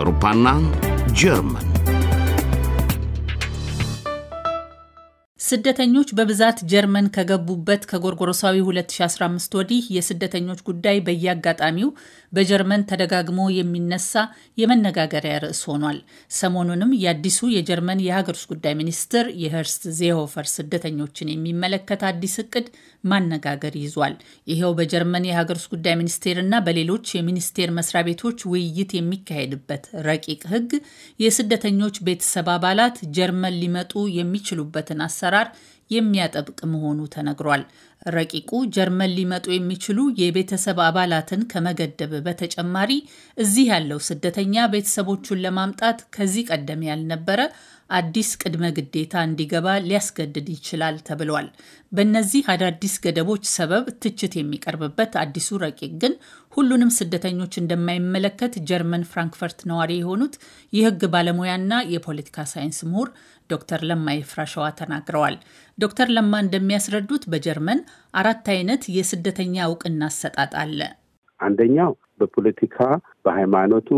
አውሮፓና ጀርመን ስደተኞች በብዛት ጀርመን ከገቡበት ከጎርጎሮሳዊ 2015 ወዲህ የስደተኞች ጉዳይ በየአጋጣሚው በጀርመን ተደጋግሞ የሚነሳ የመነጋገሪያ ርዕስ ሆኗል። ሰሞኑንም የአዲሱ የጀርመን የሀገር ውስጥ ጉዳይ ሚኒስትር የህርስት ዜሆፈር ስደተኞችን የሚመለከት አዲስ እቅድ ማነጋገር ይዟል። ይኸው በጀርመን የሀገር ውስጥ ጉዳይ ሚኒስቴርና በሌሎች የሚኒስቴር መስሪያ ቤቶች ውይይት የሚካሄድበት ረቂቅ ህግ የስደተኞች ቤተሰብ አባላት ጀርመን ሊመጡ የሚችሉበትን አሰራር የሚያጠብቅ መሆኑ ተነግሯል። ረቂቁ ጀርመን ሊመጡ የሚችሉ የቤተሰብ አባላትን ከመገደብ በተጨማሪ እዚህ ያለው ስደተኛ ቤተሰቦቹን ለማምጣት ከዚህ ቀደም ያልነበረ አዲስ ቅድመ ግዴታ እንዲገባ ሊያስገድድ ይችላል ተብሏል። በእነዚህ አዳዲስ ገደቦች ሰበብ ትችት የሚቀርብበት አዲሱ ረቂቅ ግን ሁሉንም ስደተኞች እንደማይመለከት ጀርመን ፍራንክፈርት ነዋሪ የሆኑት የሕግ ባለሙያና የፖለቲካ ሳይንስ ምሁር ዶክተር ለማ የፍራሸዋ ተናግረዋል። ዶክተር ለማ እንደሚያስረዱት በጀርመን አራት አይነት የስደተኛ እውቅና አሰጣጥ አለ። አንደኛው በፖለቲካ፣ በሃይማኖቱ፣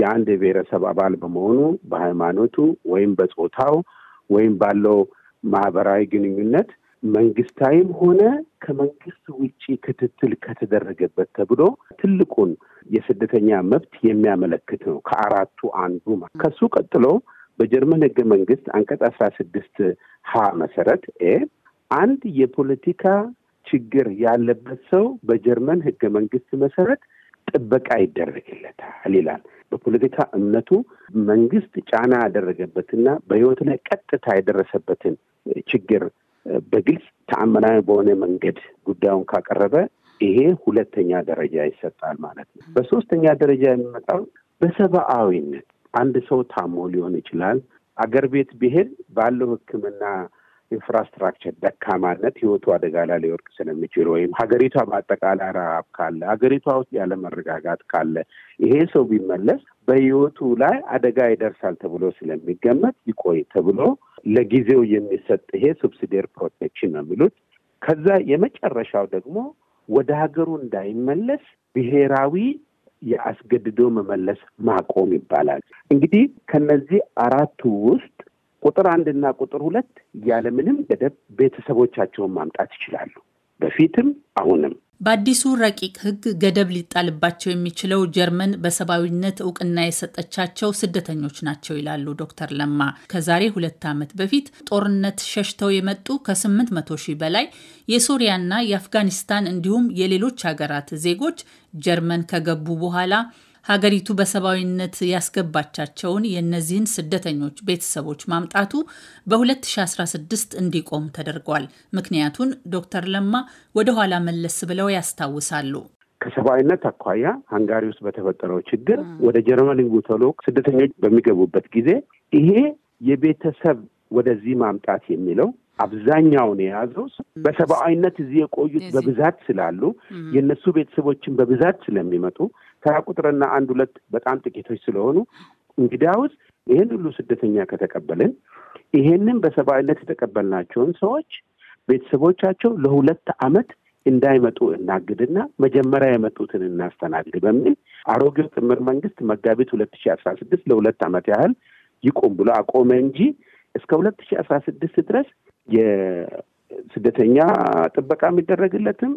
የአንድ የብሔረሰብ አባል በመሆኑ በሃይማኖቱ ወይም በጾታው ወይም ባለው ማህበራዊ ግንኙነት መንግስታዊም ሆነ ከመንግስት ውጭ ክትትል ከተደረገበት ተብሎ ትልቁን የስደተኛ መብት የሚያመለክት ነው። ከአራቱ አንዱ ከሱ ቀጥሎ በጀርመን ህገ መንግስት አንቀጽ አስራ ስድስት ሀ መሰረት ኤ አንድ የፖለቲካ ችግር ያለበት ሰው በጀርመን ህገ መንግስት መሰረት ጥበቃ ይደረግለታል ይላል። በፖለቲካ እምነቱ መንግስት ጫና ያደረገበትና በህይወት ላይ ቀጥታ የደረሰበትን ችግር በግልጽ ተአመናዊ በሆነ መንገድ ጉዳዩን ካቀረበ ይሄ ሁለተኛ ደረጃ ይሰጣል ማለት ነው። በሶስተኛ ደረጃ የሚመጣው በሰብአዊነት አንድ ሰው ታሞ ሊሆን ይችላል። አገር ቤት ቢሄድ ባለው ሕክምና ኢንፍራስትራክቸር ደካማነት ህይወቱ አደጋ ላይ ሊወርቅ ስለሚችል ወይም ሀገሪቷ በአጠቃላይ ረሃብ ካለ ሀገሪቷ ውስጥ ያለመረጋጋት ካለ ይሄ ሰው ቢመለስ በህይወቱ ላይ አደጋ ይደርሳል ተብሎ ስለሚገመት ይቆይ ተብሎ ለጊዜው የሚሰጥ ይሄ ሱብሲዲየር ፕሮቴክሽን ነው የሚሉት። ከዛ የመጨረሻው ደግሞ ወደ ሀገሩ እንዳይመለስ ብሔራዊ የአስገድዶ መመለስ ማቆም ይባላል። እንግዲህ ከነዚህ አራቱ ውስጥ ቁጥር አንድና ቁጥር ሁለት ያለምንም ገደብ ቤተሰቦቻቸውን ማምጣት ይችላሉ። በፊትም አሁንም በአዲሱ ረቂቅ ሕግ ገደብ ሊጣልባቸው የሚችለው ጀርመን በሰብአዊነት እውቅና የሰጠቻቸው ስደተኞች ናቸው ይላሉ ዶክተር ለማ። ከዛሬ ሁለት ዓመት በፊት ጦርነት ሸሽተው የመጡ ከ800 ሺህ በላይ የሶሪያና የአፍጋኒስታን እንዲሁም የሌሎች ሀገራት ዜጎች ጀርመን ከገቡ በኋላ ሀገሪቱ በሰብአዊነት ያስገባቻቸውን የእነዚህን ስደተኞች ቤተሰቦች ማምጣቱ በ2016 እንዲቆም ተደርጓል። ምክንያቱን ዶክተር ለማ ወደ ኋላ መለስ ብለው ያስታውሳሉ። ከሰብአዊነት አኳያ ሃንጋሪ ውስጥ በተፈጠረው ችግር ወደ ጀርመን ጉተሎክ ስደተኞች በሚገቡበት ጊዜ ይሄ የቤተሰብ ወደዚህ ማምጣት የሚለው አብዛኛውን የያዘው በሰብአዊነት እዚህ የቆዩት በብዛት ስላሉ የእነሱ ቤተሰቦችን በብዛት ስለሚመጡ ተራ ቁጥርና አንድ ሁለት በጣም ጥቂቶች ስለሆኑ እንግዲያውስ ይህን ሁሉ ስደተኛ ከተቀበልን ይሄንን በሰብአዊነት የተቀበልናቸውን ሰዎች ቤተሰቦቻቸው ለሁለት አመት እንዳይመጡ እናግድና መጀመሪያ የመጡትን እናስተናግድ በሚል አሮጌው ጥምር መንግስት መጋቢት ሁለት ሺ አስራ ስድስት ለሁለት አመት ያህል ይቁም ብሎ አቆመ እንጂ እስከ ሁለት ሺ አስራ ስድስት ድረስ የስደተኛ ጥበቃ የሚደረግለትም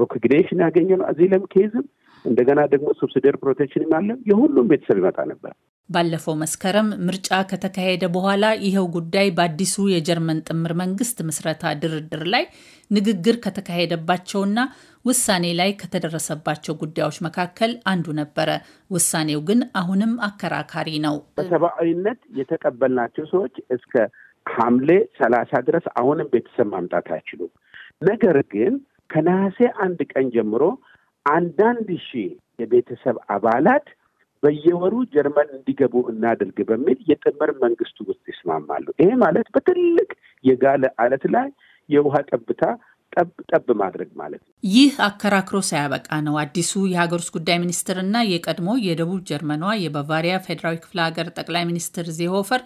ሮኮግኔሽን ያገኘ ነው አዚለም ኬዝም እንደገና ደግሞ ሱብሲደር ፕሮቴክሽንም አለ። የሁሉም ቤተሰብ ይመጣ ነበር። ባለፈው መስከረም ምርጫ ከተካሄደ በኋላ ይኸው ጉዳይ በአዲሱ የጀርመን ጥምር መንግስት ምስረታ ድርድር ላይ ንግግር ከተካሄደባቸውና ውሳኔ ላይ ከተደረሰባቸው ጉዳዮች መካከል አንዱ ነበረ። ውሳኔው ግን አሁንም አከራካሪ ነው። በሰብአዊነት የተቀበልናቸው ሰዎች እስከ ሐምሌ ሰላሳ ድረስ አሁንም ቤተሰብ ማምጣት አይችሉም። ነገር ግን ከነሐሴ አንድ ቀን ጀምሮ አንዳንድ ሺህ የቤተሰብ አባላት በየወሩ ጀርመን እንዲገቡ እናደርግ በሚል የጥምር መንግስቱ ውስጥ ይስማማሉ። ይሄ ማለት በትልቅ የጋለ አለት ላይ የውሃ ጠብታ ጠብ ጠብ ማድረግ ማለት ነው። ይህ አከራክሮ ሳያበቃ ነው አዲሱ የሀገር ውስጥ ጉዳይ ሚኒስትርና የቀድሞ የደቡብ ጀርመኗ የባቫሪያ ፌዴራዊ ክፍለ ሀገር ጠቅላይ ሚኒስትር ዜሆፈር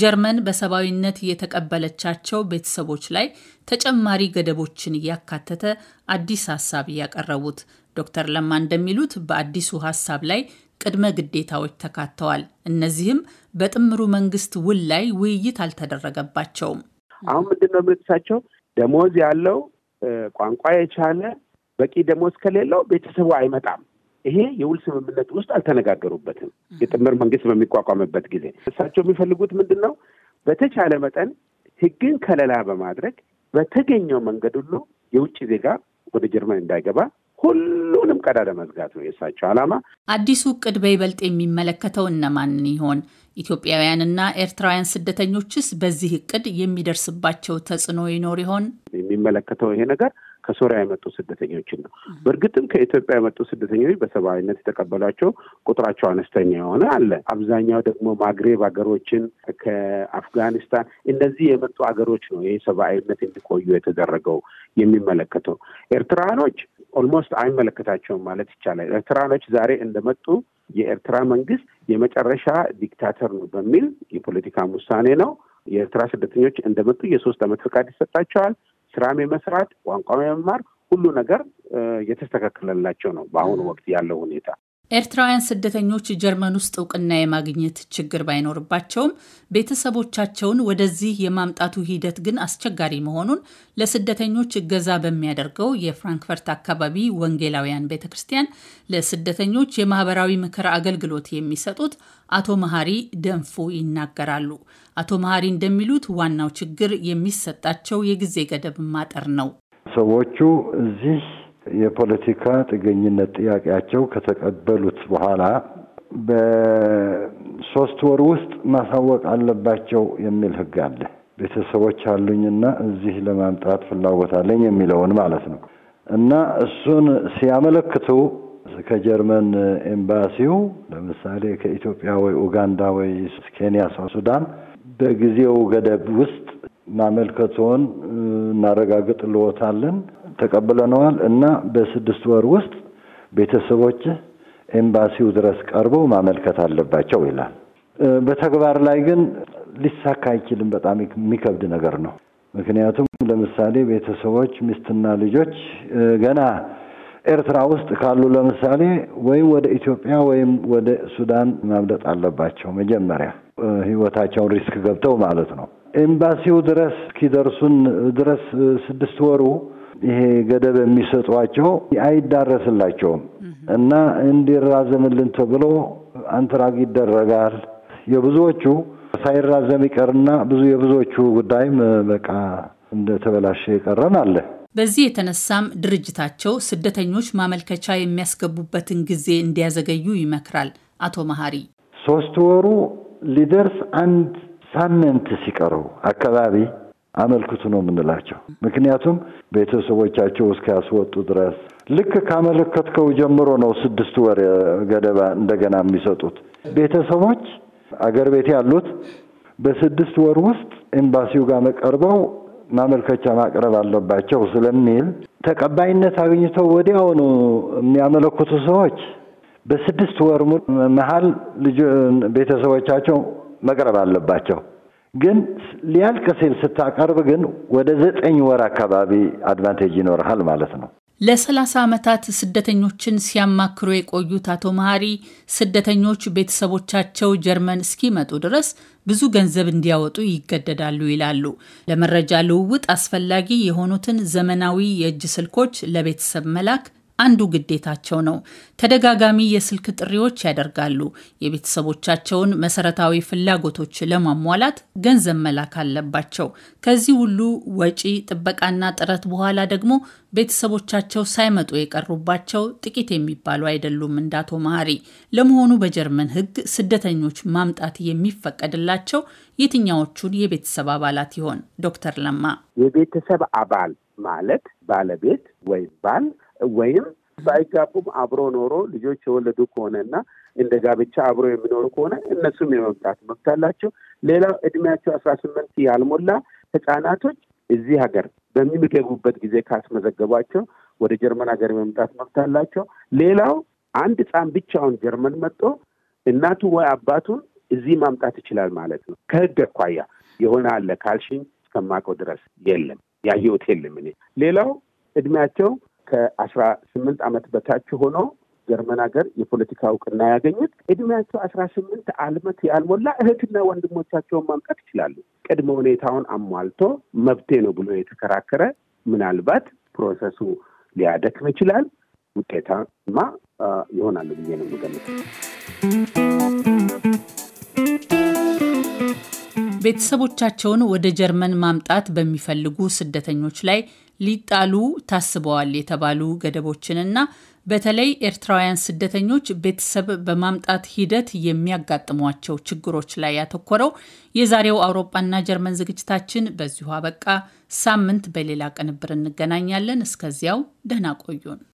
ጀርመን በሰብአዊነት የተቀበለቻቸው ቤተሰቦች ላይ ተጨማሪ ገደቦችን እያካተተ አዲስ ሀሳብ ያቀረቡት ዶክተር ለማ እንደሚሉት በአዲሱ ሀሳብ ላይ ቅድመ ግዴታዎች ተካተዋል። እነዚህም በጥምሩ መንግስት ውል ላይ ውይይት አልተደረገባቸውም። አሁን ምንድን ነው የሚሉት ደሞዝ ያለው ቋንቋ የቻለ በቂ ደሞዝ ከሌለው ቤተሰቡ አይመጣም። ይሄ የውል ስምምነት ውስጥ አልተነጋገሩበትም። የጥምር መንግስት በሚቋቋምበት ጊዜ እሳቸው የሚፈልጉት ምንድን ነው? በተቻለ መጠን ህግን ከለላ በማድረግ በተገኘው መንገድ ሁሉ የውጭ ዜጋ ወደ ጀርመን እንዳይገባ ሁሉንም ቀዳዳ መዝጋት ነው የእሳቸው ዓላማ። አዲሱ እቅድ በይበልጥ የሚመለከተው እነማንን ይሆን? ኢትዮጵያውያንና ኤርትራውያን ስደተኞችስ በዚህ እቅድ የሚደርስባቸው ተጽዕኖ ይኖር ይሆን? የሚመለከተው ይሄ ነገር ከሶሪያ የመጡ ስደተኞችን ነው። በእርግጥም ከኢትዮጵያ የመጡ ስደተኞች በሰብአዊነት የተቀበሏቸው ቁጥራቸው አነስተኛ የሆነ አለ። አብዛኛው ደግሞ ማግሬብ ሀገሮችን ከአፍጋኒስታን እነዚህ የመጡ ሀገሮች ነው ይህ ሰብአዊነት እንዲቆዩ የተደረገው የሚመለከተው ኤርትራውያኖች ኦልሞስት አይመለከታቸውም ማለት ይቻላል። ኤርትራኖች ዛሬ እንደመጡ የኤርትራ መንግስት የመጨረሻ ዲክታተር ነው በሚል የፖለቲካም ውሳኔ ነው። የኤርትራ ስደተኞች እንደመጡ የሶስት ዓመት ፈቃድ ይሰጣቸዋል። ስራም የመስራት ቋንቋም የመማር ሁሉ ነገር የተስተካከለላቸው ነው በአሁኑ ወቅት ያለው ሁኔታ። ኤርትራውያን ስደተኞች ጀርመን ውስጥ እውቅና የማግኘት ችግር ባይኖርባቸውም ቤተሰቦቻቸውን ወደዚህ የማምጣቱ ሂደት ግን አስቸጋሪ መሆኑን ለስደተኞች እገዛ በሚያደርገው የፍራንክፈርት አካባቢ ወንጌላውያን ቤተ ክርስቲያን ለስደተኞች የማህበራዊ ምክር አገልግሎት የሚሰጡት አቶ መሀሪ ደንፎ ይናገራሉ። አቶ መሀሪ እንደሚሉት ዋናው ችግር የሚሰጣቸው የጊዜ ገደብ ማጠር ነው። ሰዎቹ እዚህ የፖለቲካ ጥገኝነት ጥያቄያቸው ከተቀበሉት በኋላ በሶስት ወር ውስጥ ማሳወቅ አለባቸው የሚል ህግ አለ። ቤተሰቦች አሉኝና እዚህ ለማምጣት ፍላጎት አለኝ የሚለውን ማለት ነው። እና እሱን ሲያመለክቱ ከጀርመን ኤምባሲው ለምሳሌ ከኢትዮጵያ ወይ ኡጋንዳ ወይ ኬንያ፣ ሱዳን በጊዜው ገደብ ውስጥ ማመልከቶን እናረጋግጥልዎታለን ተቀብለነዋል እና በስድስት ወር ውስጥ ቤተሰቦች ኤምባሲው ድረስ ቀርበው ማመልከት አለባቸው ይላል። በተግባር ላይ ግን ሊሳካ አይችልም። በጣም የሚከብድ ነገር ነው። ምክንያቱም ለምሳሌ ቤተሰቦች፣ ሚስትና ልጆች ገና ኤርትራ ውስጥ ካሉ ለምሳሌ ወይም ወደ ኢትዮጵያ ወይም ወደ ሱዳን ማምለጥ አለባቸው መጀመሪያ ህይወታቸውን ሪስክ ገብተው ማለት ነው። ኤምባሲው ድረስ እስኪደርሱን ድረስ ስድስት ወሩ ይሄ ገደብ የሚሰጧቸው አይዳረስላቸውም እና እንዲራዘምልን ተብሎ አንትራግ ይደረጋል። የብዙዎቹ ሳይራዘም ይቀርና ብዙ የብዙዎቹ ጉዳይም በቃ እንደተበላሸ የቀረን አለ። በዚህ የተነሳም ድርጅታቸው ስደተኞች ማመልከቻ የሚያስገቡበትን ጊዜ እንዲያዘገዩ ይመክራል። አቶ መሀሪ ሶስት ወሩ ሊደርስ አንድ ሳምንት ሲቀረው አካባቢ አመልክቱ ነው የምንላቸው። ምክንያቱም ቤተሰቦቻቸው እስኪያስወጡ ድረስ ልክ ካመለከትከው ጀምሮ ነው ስድስት ወር ገደባ እንደገና የሚሰጡት ቤተሰቦች አገር ቤት ያሉት በስድስት ወር ውስጥ ኤምባሲው ጋር መቀርበው ማመልከቻ ማቅረብ አለባቸው ስለሚል ተቀባይነት አግኝተው ወዲያው ነው የሚያመለክቱ ሰዎች በስድስት ወር መሀል ልጅ ቤተሰቦቻቸው መቅረብ አለባቸው። ግን ሊያልቅ ሲል ስታቀርብ ግን ወደ ዘጠኝ ወር አካባቢ አድቫንቴጅ ይኖርሃል ማለት ነው። ለ30 ዓመታት ስደተኞችን ሲያማክሩ የቆዩት አቶ መሐሪ ስደተኞች ቤተሰቦቻቸው ጀርመን እስኪመጡ ድረስ ብዙ ገንዘብ እንዲያወጡ ይገደዳሉ ይላሉ። ለመረጃ ልውውጥ አስፈላጊ የሆኑትን ዘመናዊ የእጅ ስልኮች ለቤተሰብ መላክ አንዱ ግዴታቸው ነው። ተደጋጋሚ የስልክ ጥሪዎች ያደርጋሉ። የቤተሰቦቻቸውን መሰረታዊ ፍላጎቶች ለማሟላት ገንዘብ መላክ አለባቸው። ከዚህ ሁሉ ወጪ፣ ጥበቃና ጥረት በኋላ ደግሞ ቤተሰቦቻቸው ሳይመጡ የቀሩባቸው ጥቂት የሚባሉ አይደሉም። እንዳቶ አቶ መሀሪ ለመሆኑ በጀርመን ሕግ ስደተኞች ማምጣት የሚፈቀድላቸው የትኛዎቹን የቤተሰብ አባላት ይሆን? ዶክተር ለማ የቤተሰብ አባል ማለት ባለቤት ወይም ባል ወይም ሳይጋቡም አብሮ ኖሮ ልጆች የወለዱ ከሆነ እና እንደ ጋብቻ አብሮ የሚኖሩ ከሆነ እነሱም የመምጣት መብት አላቸው። ሌላው እድሜያቸው አስራ ስምንት ያልሞላ ህጻናቶች እዚህ ሀገር በሚገቡበት ጊዜ ካስመዘገቧቸው ወደ ጀርመን ሀገር የመምጣት መብት አላቸው። ሌላው አንድ ህፃን ብቻውን ጀርመን መጥቶ እናቱ ወይ አባቱን እዚህ ማምጣት ይችላል ማለት ነው። ከህግ አኳያ የሆነ አለ ካልሽኝ እስከማውቀው ድረስ የለም ያየሁት የለም እኔ ሌላው እድሜያቸው ከአስራ ስምንት ዓመት በታች ሆኖ ጀርመን ሀገር የፖለቲካ እውቅና ያገኙት እድሜያቸው አስራ ስምንት አልመት ያልሞላ እህትና ወንድሞቻቸውን ማምጣት ይችላሉ። ቅድመ ሁኔታውን አሟልቶ መብቴ ነው ብሎ የተከራከረ ምናልባት ፕሮሰሱ ሊያደክም ይችላል። ውጤታማ ይሆናሉ ብዬ ነው የምገምተው። ቤተሰቦቻቸውን ወደ ጀርመን ማምጣት በሚፈልጉ ስደተኞች ላይ ሊጣሉ ታስበዋል የተባሉ ገደቦችንና በተለይ ኤርትራውያን ስደተኞች ቤተሰብ በማምጣት ሂደት የሚያጋጥሟቸው ችግሮች ላይ ያተኮረው የዛሬው አውሮፓና ጀርመን ዝግጅታችን በዚሁ አበቃ። ሳምንት በሌላ ቅንብር እንገናኛለን። እስከዚያው ደህና ቆዩን።